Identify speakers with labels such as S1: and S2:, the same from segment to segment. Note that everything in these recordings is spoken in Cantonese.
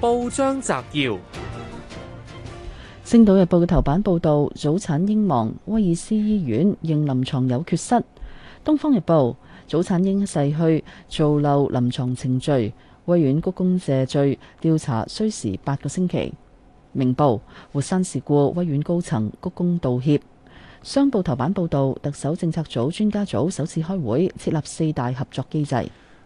S1: 報章摘要：《星島日報》嘅頭版報道，早產英亡，威爾斯醫院認臨床有缺失；《東方日報》早產嬰逝去，造漏臨床程序，威院鞠躬謝罪，調查需時八個星期。《明報》活山事故，威院高層鞠躬道歉。商報頭版報道，特首政策組專家組首次開會，設立四大合作機制。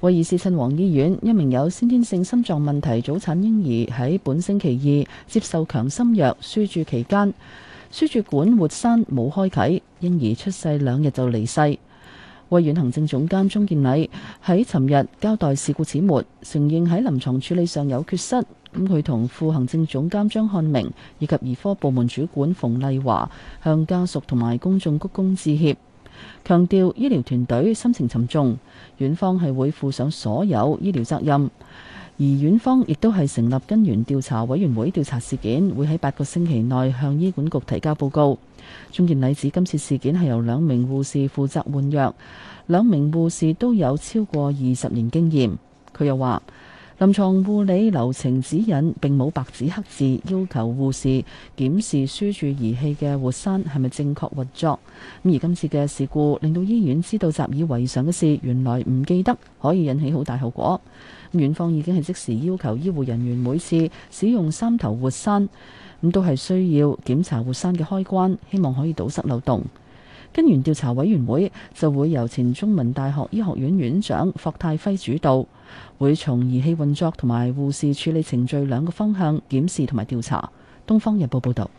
S1: 威爾斯親王醫院一名有先天性心臟問題早產嬰兒喺本星期二接受強心藥輸注期間，輸注管活塞冇開啟，嬰兒出世兩日就離世。衛院行政總監鍾建禮喺尋日交代事故始末，承認喺臨床處理上有缺失。咁佢同副行政總監張漢明以及兒科部門主管馮麗華向家屬同埋公眾鞠躬致歉。強調醫療團隊心情沉重，院方係會負上所有醫療責任，而院方亦都係成立根源調查委員會調查事件，會喺八個星期內向醫管局提交報告。鍾健禮指，今次事件係由兩名護士負責換藥，兩名護士都有超過二十年經驗。佢又話。臨床護理流程指引並冇白紙黑字要求護士檢視輸注儀器嘅活塞係咪正確運作，而今次嘅事故令到醫院知道習以為常嘅事原來唔記得可以引起好大後果。院方已經係即時要求醫護人員每次使用三頭活塞，咁都係需要檢查活塞嘅開關，希望可以堵塞漏洞。根源調查委員會就會由前中文大學醫學院院長霍泰輝主導。會從儀器運作同埋護士處理程序兩個方向檢視同埋調查。東方日報報道，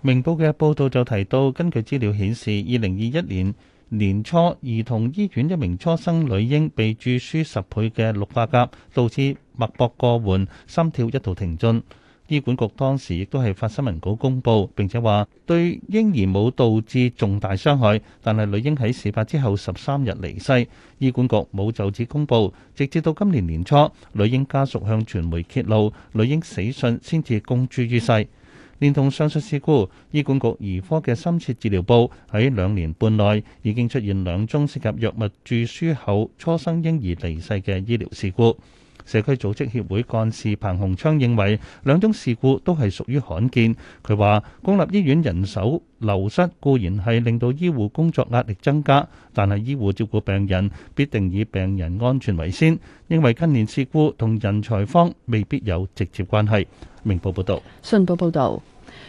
S2: 明報嘅報道就提到，根據資料顯示，二零二一年年初，兒童醫院一名初生女嬰被注輸十倍嘅氯化鉀，導致脈搏過緩、心跳一度停頓。醫管局當時亦都係發新聞稿公佈，並且話對嬰兒冇導致重大傷害，但係女嬰喺事發之後十三日離世。醫管局冇就此公佈，直至到今年年初，女嬰家屬向傳媒揭露女嬰死訊先至公諸於世。連同上述事故，醫管局兒科嘅深切治療部喺兩年半內已經出現兩宗涉及藥物注輸後初生嬰兒離世嘅醫療事故。社區組織協會幹事彭洪昌認為兩宗事故都係屬於罕見。佢話公立醫院人手流失固然係令到醫護工作壓力增加，但係醫護照顧病人必定以病人安全為先。認為近年事故同人才方未必有直接關係。明報報道。
S1: 信報報導。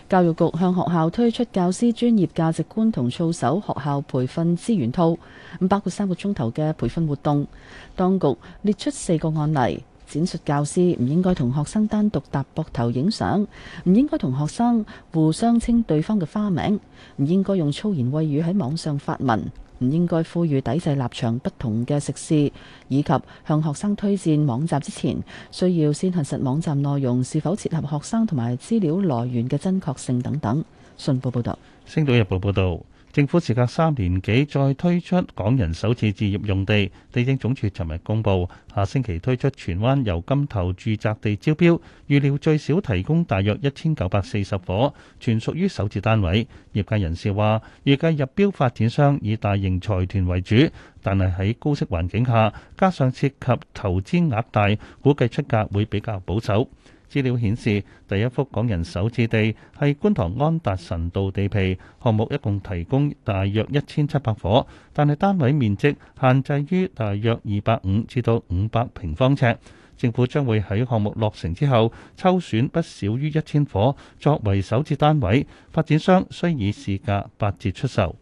S1: 教育局向學校推出教師專業價值觀同操守學校培訓資源套，包括三個鐘頭嘅培訓活動。當局列出四個案例，展述教師唔應該同學生單獨搭膊頭影相，唔應該同學生互相稱對方嘅花名，唔應該用粗言穢語喺網上發文。唔應該呼籲抵制立場不同嘅食肆，以及向學生推薦網站之前，需要先核實網站內容是否切合學生同埋資料來源嘅真確性等等。《信報》報道。
S2: 《星島日報》報道。政府時隔三年幾再推出港人首次置業用地，地政總署尋日公布，下星期推出荃灣油柑頭住宅地招標，預料最少提供大約一千九百四十伙，全屬於首次單位。業界人士話，預計入標發展商以大型財團為主，但係喺高息環境下，加上涉及投資額大，估計出價會比較保守。資料顯示，第一幅港人首置地係觀塘安達臣道地皮項目，一共提供大約一千七百伙，但係單位面積限制於大約二百五至到五百平方尺。政府將會喺項目落成之後抽選不少於一千伙作為首置單位，發展商需以市價八折出售。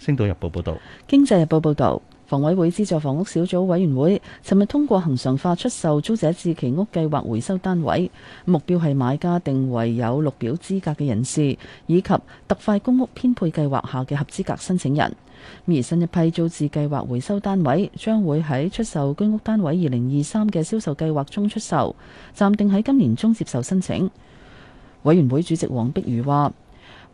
S2: 《星島日報》報
S1: 道。《經濟日報》報導。房委會資助房屋小組委員會尋日通過恒常化出售租者置其屋計劃回收單位，目標係買家定為有綠表資格嘅人士，以及特快公屋編配計劃下嘅合資格申請人。而新一批租置計劃回收單位將會喺出售居屋單位二零二三嘅銷售計劃中出售，暫定喺今年中接受申請。委員會主席黃碧如話：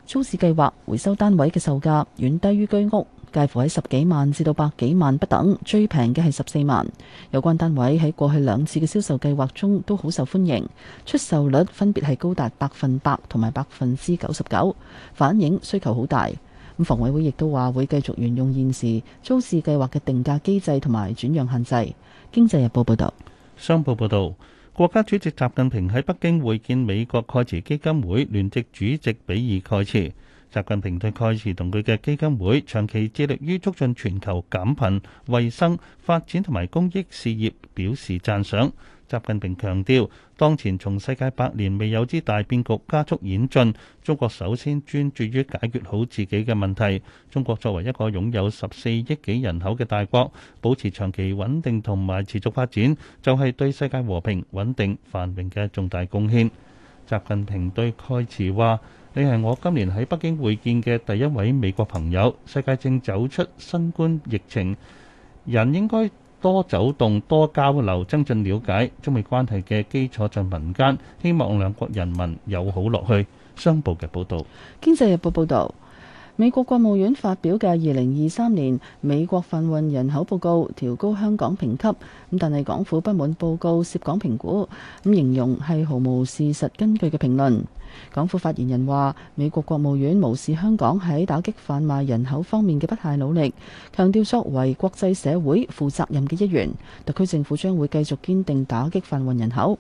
S1: 租置計劃回收單位嘅售價遠低於居屋。介乎喺十幾萬至到百幾萬不等，最平嘅係十四萬。有關單位喺過去兩次嘅銷售計劃中都好受歡迎，出售率分別係高達百分百同埋百分之九十九，反映需求好大。咁房委會亦都話會繼續沿用現時租置計劃嘅定價機制同埋轉讓限制。經濟日報報道，
S2: 商報報道，國家主席習近平喺北京會見美國蓋茨基金會聯席主席比爾蓋茨。習近平對蓋茨同佢嘅基金會長期致力於促進全球減貧、衞生、發展同埋公益事業表示讚賞。習近平強調，當前從世界百年未有之大變局加速演進，中國首先專注於解決好自己嘅問題。中國作為一個擁有十四億幾人口嘅大國，保持長期穩定同埋持續發展，就係、是、對世界和平、穩定、繁榮嘅重大貢獻。習近平對蓋茨話。你係我今年喺北京會見嘅第一位美國朋友。世界正走出新冠疫情，人應該多走動、多交流，增進了解。中美關係嘅基礎在民間。希望兩國人民友好落去。
S1: 商報嘅報導。經濟日報報導，美國國務院發表嘅二零二三年美國販運人口報告，調高香港評級。咁但係港府不滿報告涉港評估，咁形容係毫無事實根據嘅評論。港府發言人話：美國國務院無視香港喺打擊販賣人口方面嘅不懈努力，強調作為國際社會負責任嘅一員，特區政府將會繼續堅定打擊販運人口。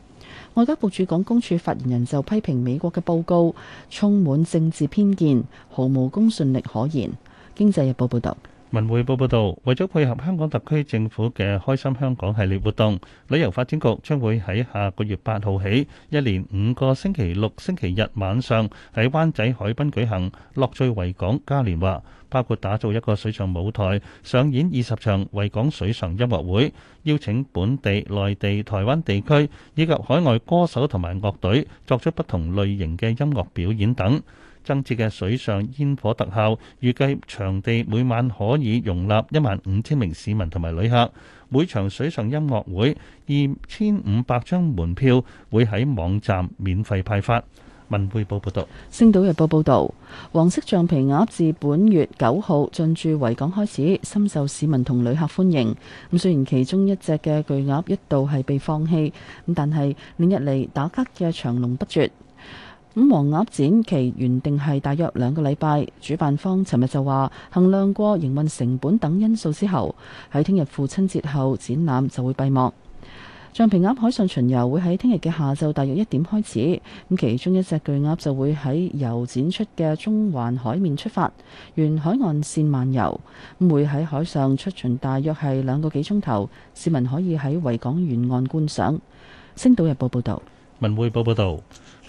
S1: 外交部駐港公署發言人就批評美國嘅報告充滿政治偏見，毫無公信力可言。經濟日報報道。
S2: 文匯報報道，為咗配合香港特區政府嘅開心香港系列活動，旅遊發展局將會喺下個月八號起，一連五個星期六星期日晚上喺灣仔海濱舉行樂聚維港嘉年華，包括打造一個水上舞台，上演二十場維港水上音樂會，邀請本地、內地、台灣地區以及海外歌手同埋樂隊作出不同類型嘅音樂表演等。增設嘅水上煙火特效，預計場地每晚可以容納一萬五千名市民同埋旅客。每場水上音樂會二千五百張門票會喺網站免費派發。文匯報報導。
S1: 《星島日報》報導，黃色橡皮鴨自本月九號進駐維港開始，深受市民同旅客歡迎。咁雖然其中一隻嘅巨鴨一度係被放棄，咁但係連日嚟打卡嘅長龍不絕。咁黃鴨展期原定係大約兩個禮拜，主辦方尋日就話衡量過營運成本等因素之後，喺聽日父親節後展覽就會閉幕。橡皮鴨海上巡遊會喺聽日嘅下晝大約一點開始，咁其中一隻巨鴨就會喺游展出嘅中環海面出發，沿海岸線漫遊，咁會喺海上出巡大約係兩個幾鐘頭，市民可以喺維港沿岸觀賞。星島日報報道，
S2: 文匯報報道。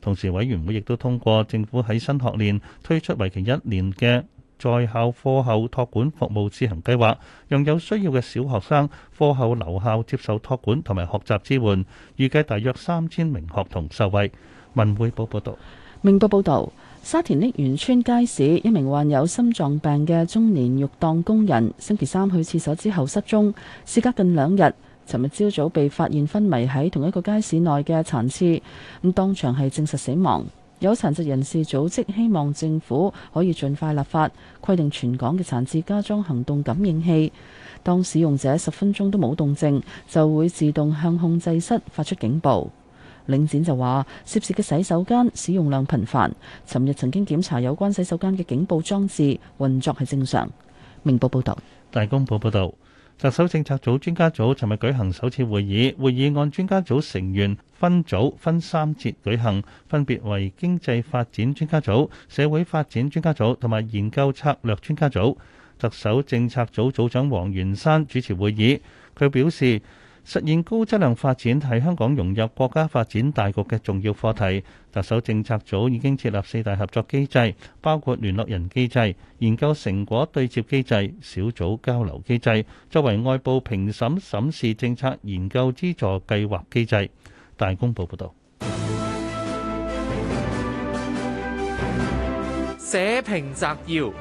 S2: 同時，委員會亦都通過政府喺新學年推出為期一年嘅在校課後託管服務試行計劃，讓有需要嘅小學生課後留校接受託管同埋學習支援，預計大約三千名學童受惠。文匯報報
S1: 導。明報報導，沙田力元村街市一名患有心臟病嘅中年肉檔工人，星期三去廁所之後失蹤，事隔近兩日。尋日朝早被發現昏迷喺同一個街市內嘅殘廁，咁當場係證實死亡。有殘疾人士組織希望政府可以盡快立法規定全港嘅殘廁加裝行動感應器，當使用者十分鐘都冇動靜，就會自動向控制室發出警報。領展就話涉事嘅洗手間使用量頻繁，尋日曾經檢查有關洗手間嘅警報裝置運作係正常。明報報道，
S2: 大公報報道。特首政策組專家組尋日舉行首次會議，會議按專家組成員分組分三節舉行，分別為經濟發展專家組、社會發展專家組同埋研究策略專家組。特首政策組組組長黃元山主持會議，佢表示。實現高質量發展係香港融入國家發展大局嘅重要課題。特首政策組已經設立四大合作機制，包括聯絡人機制、研究成果對接機制、小組交流機制，作為外部評審審視政策研究資助計劃機制。大公報報道，社評摘要。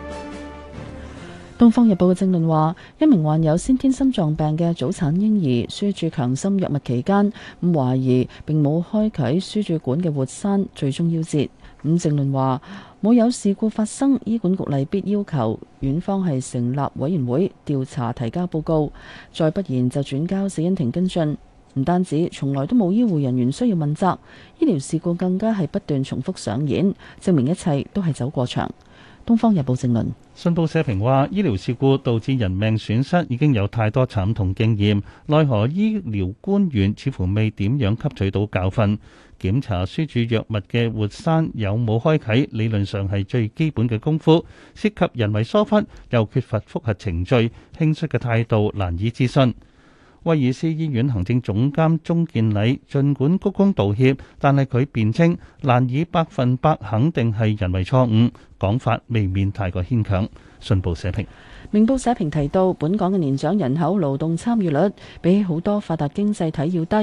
S1: 《東方日報》嘅政論話，一名患有先天心臟病嘅早產嬰兒輸注強心藥物期間，咁懷疑並冇開啓輸注管嘅活塞，最終夭折。咁政論話冇有事故發生，醫管局例必要求院方係成立委員會調查，提交報告，再不然就轉交死因庭跟進。唔單止從來都冇醫護人員需要問責，醫療事故更加係不斷重複上演，證明一切都係走過場。《東方日報》評論，信報社評話，
S2: 醫療事故導致人命損失已經有太多慘痛經驗，奈何醫療官員似乎未點樣吸取到教訓？檢查輸注藥物嘅活塞有冇開啓，理論上係最基本嘅功夫，涉及人為疏忽，又缺乏覆核程序，輕率嘅態度難以置信。威爾斯醫院行政總監鍾建禮，盡管鞠躬道歉，但係佢辯稱難以百分百肯定係人為錯誤，講法未免太過牽強。信報社
S1: 評，明報社評提到，本港嘅年長人口勞動參與率比好多發達經濟體要低，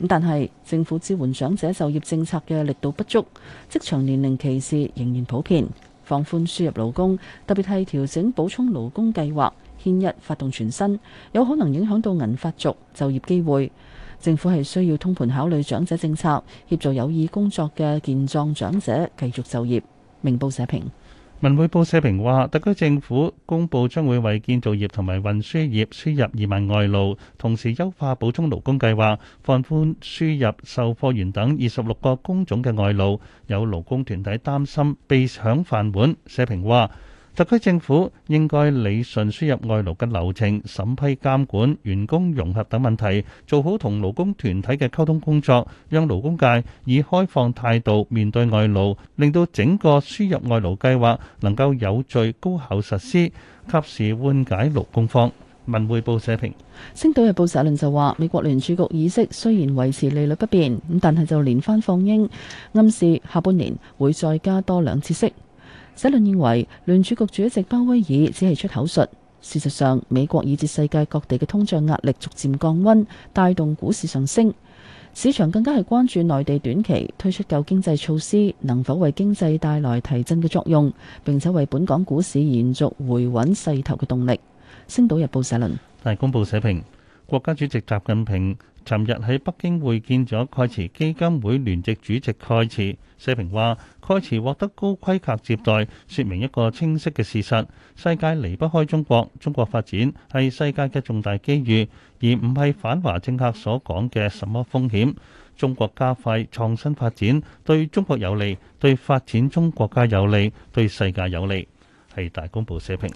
S1: 咁但係政府支援長者就業政策嘅力度不足，職場年齡歧視仍然普遍，放寬輸入勞工，特別係調整補充勞工計劃。天一發動全新，有可能影響到銀發族就業機會。政府係需要通盤考慮長者政策，協助有意工作嘅健壯長者繼續就業。明報社評，
S2: 文匯報社評話，特區政府公布將會為建造業同埋運輸業輸入二萬外勞，同時優化補充勞工計劃，放寬輸入售貨員等二十六個工種嘅外勞。有勞工團體擔心被搶飯碗。社評話。特區政府應該理順輸入外勞嘅流程、審批監管、員工融合等問題，做好同勞工團體嘅溝通工作，讓勞工界以開放態度面對外勞，令到整個輸入外勞計劃能夠有序高效實施，及時緩解勞工方。文匯報社評，
S1: 《星島日報》社論就話：美國聯儲局議息雖然維持利率不變，咁但係就連番放鷹，暗示下半年會再加多兩次息。社論認為，聯儲局主席鮑威爾只係出口術，事實上，美國以至世界各地嘅通脹壓力逐漸降溫，帶動股市上升。市場更加係關注內地短期推出舊經濟措施能否為經濟帶來提振嘅作用，並且為本港股市延續回穩勢頭嘅動力。星島日報社論，
S2: 大公報社評。國家主席習近平尋日喺北京會見咗蓋茨基金會聯席主席蓋茨，社評話：蓋茨獲得高規格接待，說明一個清晰嘅事實，世界離不開中國，中國發展係世界嘅重大機遇，而唔係反華政客所講嘅什麼風險。中國加快創新發展對中國有利，對發展中國家有利，對世界有利，係大公報社評。